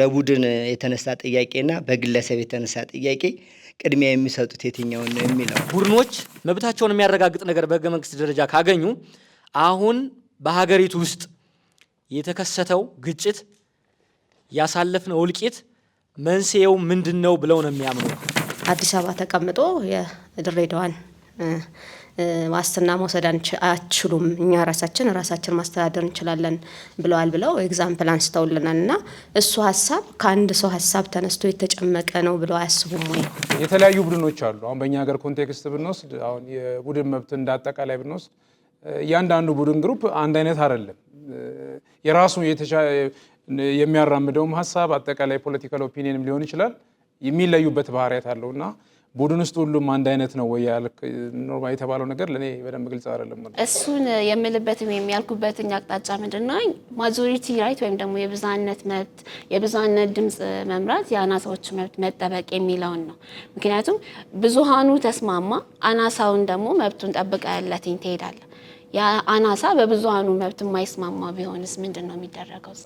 ለቡድን የተነሳ ጥያቄና በግለሰብ የተነሳ ጥያቄ ቅድሚያ የሚሰጡት የትኛውን ነው የሚለው ቡድኖች መብታቸውን የሚያረጋግጥ ነገር በህገ መንግስት ደረጃ ካገኙ አሁን በሀገሪቱ ውስጥ የተከሰተው ግጭት ያሳለፍነው እልቂት መንስኤው ምንድን ነው ብለው ነው የሚያምኑ። አዲስ አበባ ተቀምጦ የድሬዳዋን ዋስትና መውሰድ አችሉም እኛ ራሳችን ራሳችን ማስተዳደር እንችላለን ብለዋል ብለው ኤግዛምፕል አንስተውልናል። እና እሱ ሀሳብ ከአንድ ሰው ሀሳብ ተነስቶ የተጨመቀ ነው ብለው አያስቡም ወይ? የተለያዩ ቡድኖች አሉ። አሁን በእኛ ሀገር ኮንቴክስት ብንወስድ፣ አሁን የቡድን መብት እንዳጠቃላይ ብንወስድ፣ እያንዳንዱ ቡድን ግሩፕ አንድ አይነት አይደለም። የራሱ የሚያራምደውም ሀሳብ አጠቃላይ ፖለቲካል ኦፒኒየንም ሊሆን ይችላል የሚለዩበት ባህሪያት አለውና ቡድን ውስጥ ሁሉም አንድ አይነት ነው ወይ ኖርማል የተባለው ነገር ለእኔ በደንብ ግልጽ አይደለም። እሱን የምልበትም የሚያልኩበትኝ አቅጣጫ ምንድን ነው ማጆሪቲ ራይት ወይም ደግሞ የብዝሃነት መብት የብዝሃነት ድምፅ መምራት የአናሳዎች መብት መጠበቅ የሚለውን ነው። ምክንያቱም ብዙሃኑ ተስማማ፣ አናሳውን ደግሞ መብቱን ጠብቃ ያላትኝ ትሄዳለ። የአናሳ በብዙሃኑ መብት የማይስማማ ቢሆንስ ምንድን ነው የሚደረገው?